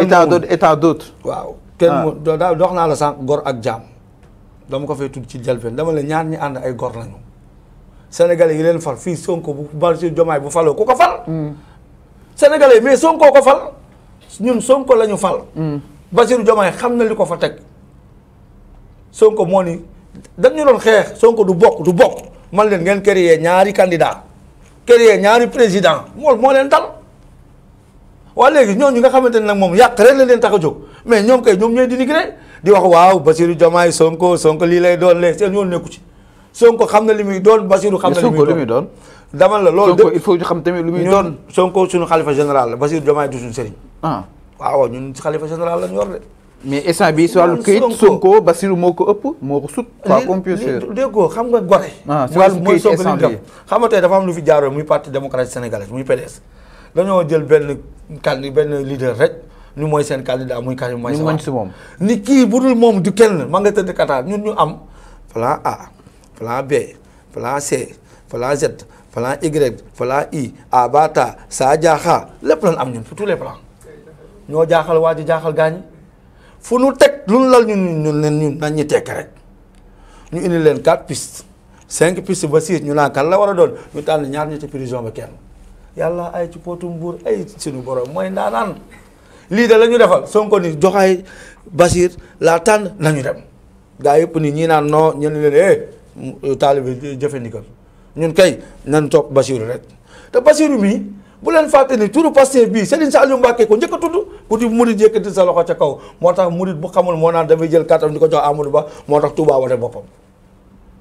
état d' état d' autre waaw kenn ah. mu daaw dox naa la sànq gor ak jaam dama ko fay tudd ci jalbeen dama la ñaar ñi ànd ay gor lañu sénégalais yi leen fal fii sonko bu bal si jomaay bu faloo ku ko fal hmm. sénégalais mais sonko ko fal ñun sonko lañu ñu fal hmm. basiru jomaay xam na li ko fa teg sonko moo ni dañu doon xeex sonko du bokk du bokk man leen ngeen créer ñaari candidat créer ñaari président mool moo leen dal waa léegi ñoo ñu nga xamante ne nag moom yàq rek la leen tax a jóg mais ñoom kay ñoom ñooy dénigré di wax waaw Bassirou Diomaye Sonko Sonko lii lay doon léegi seen nekku ci Sonko xam na li muy doon Bassirou xam na li muy doon dama la loolu de il faut ñu xam tamit lu muy doon Sonko suñu xalifa général la Bassirou Diomaye du suñu sëriñ ah waaw ñun xalifa général lañ yor de mais instant bi si wàllu këyit Sonko Bassirou moo ko ëpp moo ko sut quoi comme déggoo xam nga gore ah, wàllu mooy Sonko li ñu xam xam nga fi jaaro muy parti démocratique sénégalais muy PDS dañoo jël benn kandi benn leader rek ñu mooy seen candidat muy Karim Meïssa Wade si moom ni kii bu dul moom du kenn ma nga tëdd Qatar ñun ñu am plan A plan B plan C plan Z plan Y plan I abata saa jaaxa lépp lan am ñun pour tous les plans ñoo jaaxal waa ji jaaxal gaañ fu nu teg lu lal ñun ñun leen nañ ñu tekk rek ñu indi leen quatre pistes cinq pistes ba six ñu naan kan la war a doon ñu tànn ñaar ñetti prison ba kenn yàlla ay ci potu buur ay suñu borom mooy ndaanaan lii de la ñu defal Sonko ni joxaay Basir laa tànn nañu dem gaa yëpp nii ñii naan non ñenn leen eh euh, taalibe jëfandikal ñun kay nañ topp Basiru rek te Basiru mii bu leen fàtte ni turu Pastef bii Serigne Saliou Mbacké ko njëkk a tudd pour di murid yëkkati sa loxo ca kaw moo tax murid bu xamul moo naan dafay jël kàttan di ko jox Amadou Ba moo tax Touba wate boppam.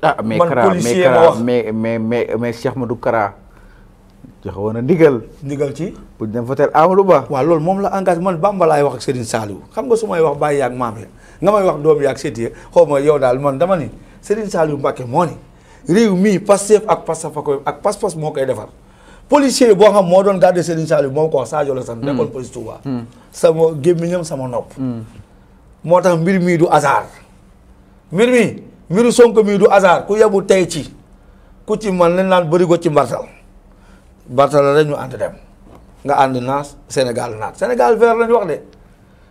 Ah, mais Kara man policier ma wax mais mais mais joxewoon a ndigal. ndigal ci. pour dem voter Amadou Ba. waaw loolu moom la engagement Bamba laay wax ak Serigne Saliou xam nga su may wax bàyyi ak maam nga may wax doom yaag séti ya xaw ma yow daal man dama ni Serigne Saliou Mbacké moo ni réew mii Pastef ak Pastef ak pas-pas moo koy defar policier boo xam moo doon garder Serigne Saliou moo ko wax Sadio la sant. nekkoon police Touba. Hmm. Hmm. sama gémmiñam sama nopp. Hmm. moo tax mbir mii du hasard. mbir mi mbiru Sonko mii du hasard ku yebu tey ci ku man lañ naan bëri ko ci mbartal Barcelone rek ñu ànd dem nga ànd naas Sénégal naat Sénégal vert la ñu wax de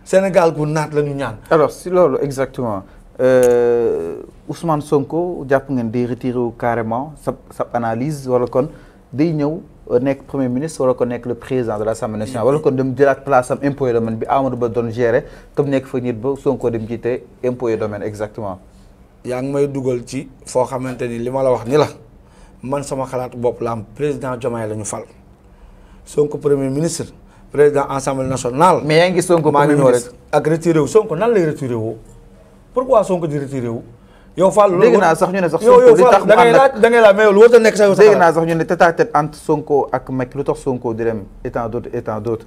Sénégal bu naat la ñu ñaan. alors si loolu exactement euh, Ousmane Sonko jàpp ngeen day retiré wu carrément sa sa analyse wala kon day ñëw euh, nekk premier ministre wala kon nekk le président de l' assemblée nationale wala kon dem jëlaat place am impôt domaine bi Amadou Ba doon gérer comme nekk fa nit ba Sonko dem jiite impôt domaine exactement. yaa ngi may dugal ci foo xamante ni li ma la wax ni la. man sama xalaat bopp la am président Diomaye la ñu fal Sonko premier ministre président assemblée nationale. mais yaa ngi gis Sonko premier ministre maa ngi ñëw rek la retiré wu Sonko nan lay retiré woo pourquoi wu. yow Fall loolu dégg naa sax ñu ne sax Sonko li tax da ngay laaj da ngay laaj bi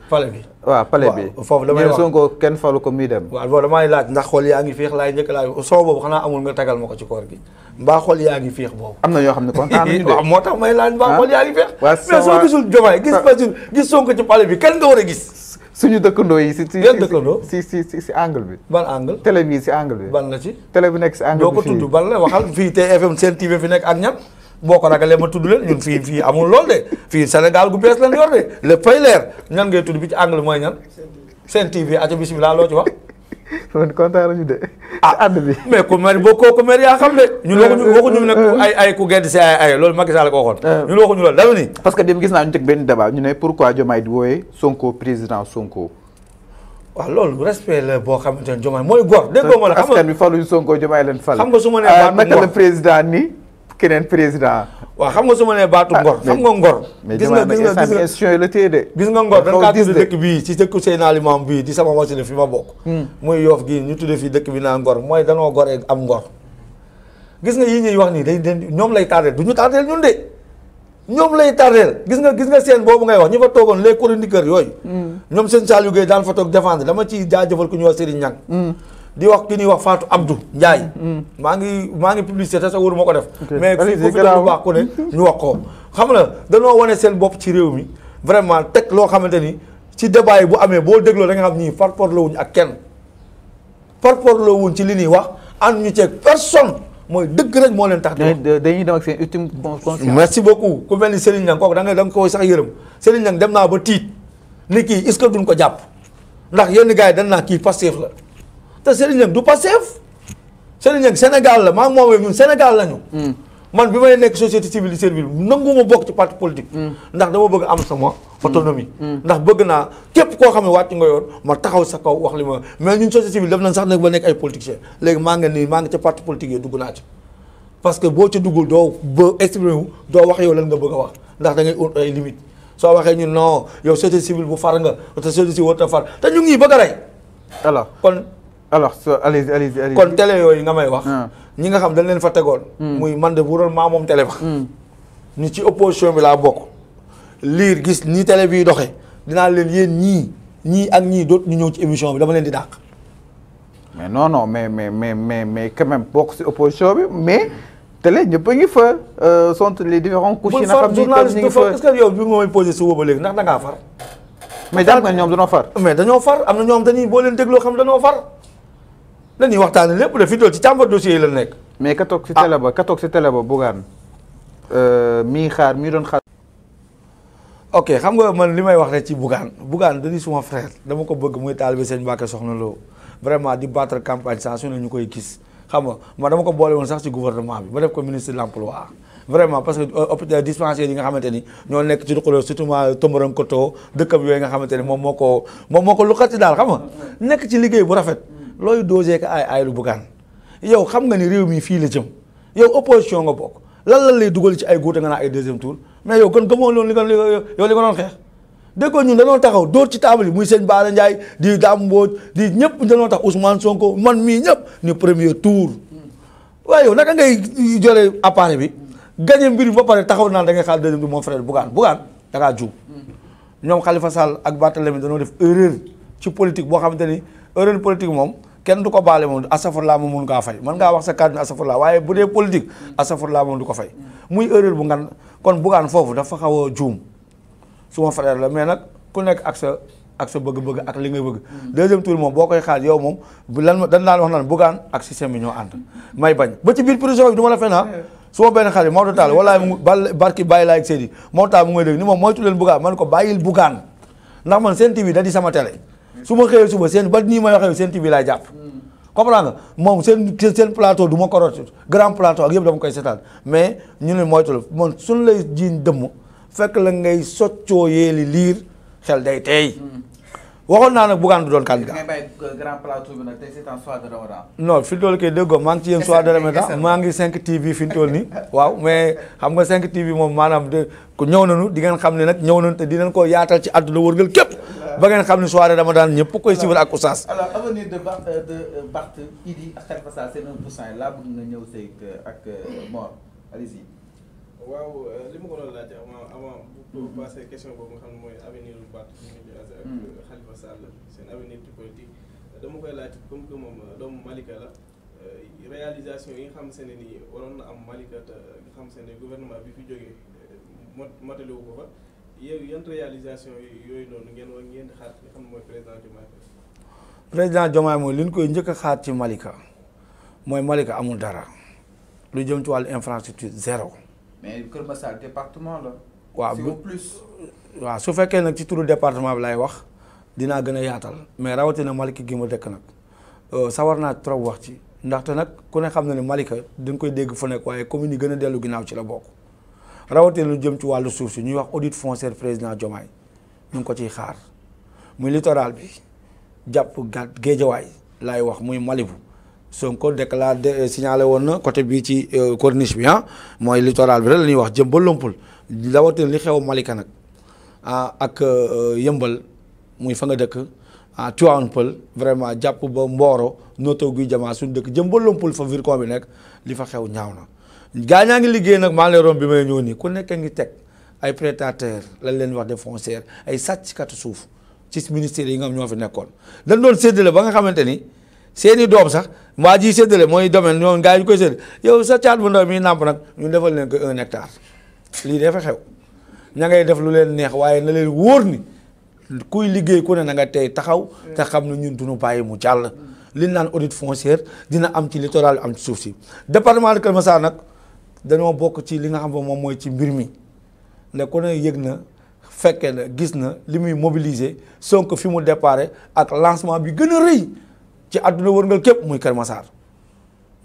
waaw palais bi foofu damay kenn falu ko muy dem waaw loolu damay laaj ndax xool yaa ngi féex laay njëkk laaj soo boobu xanaa amul nga tagal ma ko ci koor gi mbaa xool yaa ngi féex am na ñoo xam ne kontaan nañu de waaw moo tax may laaj mbaa ah? xool yaa ngi féex mais soo gis Bassirou gis ci palais bi kenn nga war a gis suñu dëkkandoo yi si si si si si si angle bi. ban angle télé bii si angle bi. ban la ci télé bi nekk si angle bi. doo ko tudd ban la waxal fii TFM Sen TV fi nekk ak ñam boo ko ragalee ma tudd leen ñun fii fii amul lool de fii Sénégal gu bees lañ yor de le pay leer ñan ngay tudd bi ci angle bi mooy ñan. Sen TV aca bisimilah loo ci wax. man kontaan ñu de. ah ànd bi mais ku mer boo kooku mer yaa xam de. ñun euh, waxuñu waxuñu nag euh, euh. ay loolu Macky Sall ni. parce que dem gis naa ñu teg benn débat ñu ne pourquoi Diomaye di wooyee Sonko président Sonko. Ah, loolu respect la boo xamante ne Diomaye mooy góor. dégg nga ma la xam nga askan bi faluñu Sonko Diomaye nga président nii. keneen président. waaw xam nga su ma nee baatu ah, ngor. xam nga ngor. gis nga gis nga gis nga dëkk bii ci dëkku Seydina Limaamu bii di sama machine fi ma bokk. Hmm. muy yoof gii ñu tuddee fii dëkk bi naa ngor mooy danoo gore am ngor. gis nga yii ñuy wax nii day ñoom lay tardeel du ñu tardeel ñun de ñoom lay tardeel gis nga gis nga seen boobu ngay wax ñu fa toogoon les chroniqueurs yooyu. Hmm. ñoom seen Saliou Gueye daan fa toog défendre dama ci jaajëfal ku ñuy wax Serigne Niang. Hmm. di wax ki ñuy wax Fatou Abdou Ndiaye. Mm. maa ngi maa ngi publicité te sa wóoru ma ko def. mais fii ku fi def baax ku ne ñu wax ko. xam na danoo wane seen bopp ci réew mi vraiment teg loo xamante ni ci débat yi bu amee boo dégloo da nga xam ñii la wuñ ak kenn farporloo wuñ ci li ñuy wax ànd ñu ceeg personne mooy dëgg rek moo leen tax. dañuy dem ak seen ultime conscience. merci beaucoup ku mel ni Serigne kook kooku da nga da nga koy sax yërëm Serigne Niang dem naa ba tiit ni kii est-ce que ko jàpp ndax yenn gars yi dañ naa kii passif la. te Serigne Niang du Pastef Serigne Niang Sénégal la maa ngi moom ñun Sénégal lañu. Hmm. man bi may nekk société civile service nangu ma bokk ci parti politique. Hmm. ndax dama bëgg am sama hmm. autonomie. ndax bëgg naa képp koo xam ne wàcc nga yoon ma taxaw sa kaw wax li ma mais ñun société civile def nañ sax nag ba nekk ay politiciens léegi maa ngi nii maa ngi ca parti politique yi dugg naa ci. parce que boo ci duggul doo ba exprimer wu doo wax yow lan nga bëgg a wax ndax da ngay ut ay soo waxee ñu non yow société civile bu far nga te société a far te ñu ngi bëgg a rey. kon. alors allez allez allez kon télé yooyu nga may wax. Ah. ñi nga xam dañ leen fa tegoon. Hmm. muy man de bu doon maa moom télé ba. ñu hmm. ci opposition bi laa bokk. liir gis nii télé bii doxee dinaa leen yéen ñii ñii ak ñii doot ñu ñëw ci émission bi dama leen di dàq. mais non non mais mais mais mais mais quand même bokk si opposition bi mais. télé ñëpp a ngi fa euh, sont les différents couches yi na xam. journaliste fa est-ce que yow bi nga may posé si boobu léegi ndax da ngaa far. mais jàpp nga ñoom dañoo far. mais dañoo na ñoom dañuy boo leen dégloo xam dañoo far. la ñuy waxtaanee lépp de fi dool ci càmbar dossier yi la nekk. mais ka toog ah. si télé ba ka toog si télé ba mii xaar mii doon xaar. ok xam nga man li may wax rek ci Bougane Bougane dañuy suma frère dama ko bëgg muy taalibe sëñ Mbacke Soxna Lo vraiment di battre campagne sans su ne ñu koy gis xam nga man dama ko boole woon sax ci gouvernement bi ba def ko ministre de l'emploi vraiment parce que euh, hôpital dispensaire yi nga xamante ni ñoo nekk ci Louga surtout ma Tomboronkoto dëkkam yooyu xamante ni moom moo ko moom moo ko luxati daal xam nga nekk ci liggéey bu rafet. looy dosé ay ay lu yow xam nga ni réew mii fii la jëm yow opposition nga bokk lan lan lay dugal ci ay góota nga naa ay deuxième tour mais yow kon gëmoo loolu li nga yow li nga doon xeex déggoo ñu dañoo taxaw dóor ci table yi muy sëñ Bara Ndiaye di Dame Mbodj di ñëpp dañoo tax Ousmane Sonko man mii ñëpp ni premier tour waaye yow naka ngay jëlee appareil bi gagné mbir mi ba pare taxaw naan da ngay xaar deuxième tour moom frère Bougane Bougane da ngaa juum ñoom Khalifa Sall ak Barthélémy dañoo ci politique boo xamante ni erreur politique moom kenn du ko baale moom asafurlaa moom mun kaa fay mën ngaa wax sa kàddu asafurlaa waaye bu dee politique asafurlaa moom du ko fay muy erreur bu ngan kon bugaan foofu dafa xaw a su ma frère la mais nag ku nekk ak sa ak bëgg ak li nga bëgg mm. deuxième tour moom boo koy xaar yow moom lan dañ daan wax naan bugaan ak système bi ñoo ànd may bañ ba ci biir prison bi du ma la fenaa ah. su ma benn xale Maodo Tall walaay mu barki bàyyi laa ak Seydi Maodo Tall mu ngay dégg ni moom moytu leen bugaan man ko bàyyil bugaan ndax man seen TV da di sama télé su ma xëyee ba seen ba nii may waxee seen TV laay jàpp. comprends nga moom seen seen plateau duma ma ko rot grand plateau ak yëpp dama koy seetaan mais ñu ne moytu la man suñu lay jiiñ dëmm fekk la ngay soccoo yeeli liir xel day tey. waxoon naa nag Bougane du doon candidat. mais bay euh, grand plateau bi de Ramadan. non maa ngi ci yéen soir de Ramadan maa ngi TV fi ñu toll nii. waaw mais xam nga 5 TV moom maanaam de ku ñëw nañu di ngeen xam ne nag ñëw nañu te dinañ ko yaatal ci àdduna wërngal képp. ba ngeen xam ne dama daan ñëpp koy suivre ak oustaz. alors de Bart euh, de euh, Bart Idi ak Khalifa Sall seen 1% laa bëgg nga ñëw say ak euh, Mor allez li ma ko doon avant avant pour mhm. passer question boobu nga Idi ak mhm. Khalifa Sall seen avenir ci politique dama koy laajte comme que moom doomu Malika la. réalisation yi nga xam se ne nii waroon na am Malika te xam se ne bi fi jógee mot motali wu ko fa. yéen yan réalisation yooyu noonu ngeen war ngeen di xaar président Diomaye. mooy li ñu koy njëkk a xaar ci Malika mooy Malika amul dara lu jëm ci wàllu infrastructure zéro. mais Kër département la. waaw bu plus. su fekkee nag ci turu département bi lay wax dinaa gën a yaatal mais rawatina Malika gi ma dëkk nag sawar euh, naa trop wax ci ndaxte nag ku ne xam na ni Malika dañ koy dégg fu nekk waaye commune yi gën a dellu ginnaaw ci la bokk. rawatina lu jëm ci wàllu suuf si ñuy wax audit foncier président Diomaye ñu ko ciy xaar muy littoral bi jàpp gàtt géejawaay laay wax muy Malibu Sonko déclaré euh, signalé woon na côté bii ci euh, corniche bi ah mooy littoral bi rek la wax jëm ba Lompoul rawatina li xew Malika nag ah ak euh, yëmbal muy fa nga dëkk ah Tivaouane Peulh vraiment jàpp ba Mboro noto guy jamaa suñ dëkk jëm ba Lompoul fa vircon bi nekk li fa xew ñaaw na. gaa ñaa ngi liggéey nag maa ngi bi may ñëw nii ku nekk ngi teg ay prédateurs lañ leen wax de foncières ay sàcckatu suuf ci ministères yi nga xam ñoo fi nekkoon dañ doon séddale ba nga xamante ni seeni doom sax waa ji séddale mooy domaine ñoom gaa yi ñu koy séddale yow sa caat bu ndaw mi nàmp nag ñu defal leen ko un hectare lii dafa xew ña ngay def lu leen neex waaye na leen wóor ni kuy liggéey ku ne na nga tey taxaw te xam ne ñun duñu bàyyi mu jàll li naan audit foncière dina am ci littoral am ci suuf si département de nag dañoo bokk ci li nga xam ne moom mooy ci mbir mi ne ku ne yëg na fekkee na gis na li muy mobiliser Sonko fi mu départ ak lancement bi gën a rëy ci àdduna wërngal képp muy Kër Massar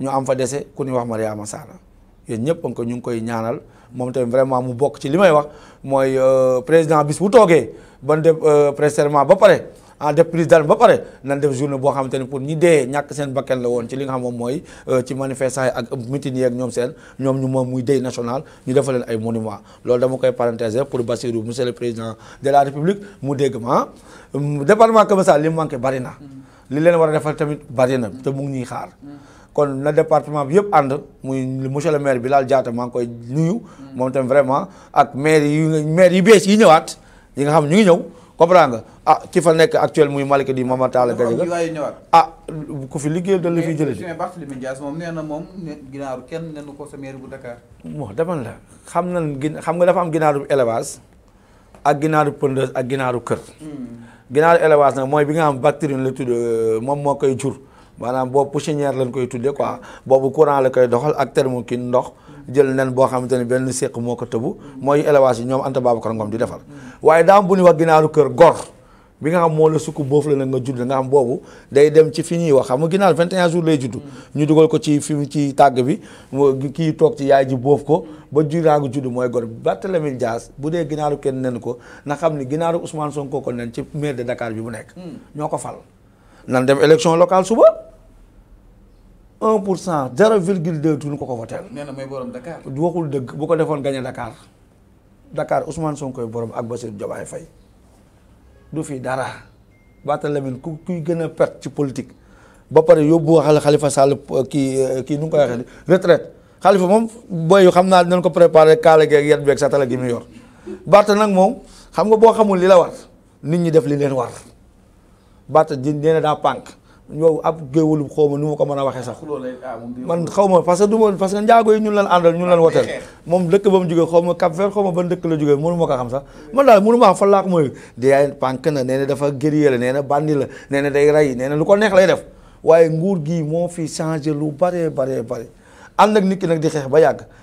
ñu am fa dese ku ñuy wax ma Mariama Sarr yéen ñëpp ko ñu ngi koy ñaanal moom tamit vraiment mu bokk ci li may wax mooy euh, président bis bu toogee ba def euh, presse serment ba pare. en déprise dal ba pare nan def journée boo xamante ni pour ñi dee ñàkk seen bakkan la woon ci li nga xam moom mooy euh, ci manifestation ak meeting yeeg ñoom seen moom muy deuil national ñu defal leen ay monument loolu dama koy parenthèse pour Bassirou monsieur le président de la république mu dégg ma ah. département Keur li mu manqué bari na li leen war a defal tamit bari na te mu ngi ñuy xaar kon na département bi yëpp ànd muy monsieur le maire bi laal jaata maa ngi koy nuyu moom tam vraiment ak maire yi maire yi bees yi ñëwaat yi nga xam ñu ngi ñëw comprends nga ah ki fa nekk actuel muy Malick di Mama Talla Gadiaga ah ku fi liggéeyal dañ la fiy jëlee. mais Barthélémy Dias moom nee na moom ginaaru kenn nenu ko sa maire bu Dakar. bon dama la xam nan gin xam nga dafa am ginaaru élevage ak ginaaru pondeuse ak ginaaru kër. Hmm. ginaaru élevage nag mooy bi nga xam bactérie la tudd euh, moom moo koy jur maanaam boobu poussinière lañ koy tuddee quoi boobu courant la koy doxal ak thermokine ndox. jël nen boo xamante ne benn séq moo ko tëbu mooy élevage yi ñoom Anta Babacar Ngom di defar waaye daam bu ñuy wax ginaaru kër gor bi nga xam moo la sukk boofu la nag nga judd nga xam boobu day dem ci fi ñuy wax xam nga ginaar 21 jours lay judd mm. ñu dugal ko ci fi tàgg bi kii toog ci yaay ji boof ko ba juraagu judd mooy gor Barthélémy Dias bu dee ginaaru kenn nen ko na xam ni ginaaru Ousmane Sonko ko nen ci maire de Dakar bi bu nekk mm. ñoo ko fal nan dem élection local suba un pour cent zéro virgule deux ko ko voteel. nee na mooy borom Dakar. waxul dëgg bu ko defoon gagné Dakar Dakar Ousmane Sonko borom ak ba Diomaye Faye du fi dara Barthélémy ku kuy gën a perte ci politique ba pare yóbbu waxal xalifa Sall euh, kii euh, kii nu mu koy waxee retraite Khalifa moom booy xam naa dinañ ko préparé kaala geeg yet beeg satala gi mu yor Barth nag moom xam nga boo xamul li la war nit ñi def li leen war Barth di nee daa pànk. yow ab géwëlu xaw ma nu mu ko mën a waxee sax ah, man xaw ma parce que du ma parce que njaago yi ñun lan àndal ñun lan woteel moom dëkk ba mu jógee xaw ma Cap Vert xaw ma ban dëkk la jógee mënu ma ko xam sax man daal mënu ma xam fan laa ko mooy day pànk na nee na dafa guerrier la nee na bandi la nee na day rey nee na lu ko neex lay def waaye nguur gi moo fi changé lu bare bare bare ànd ak nit ki nag di xeex ba yàgg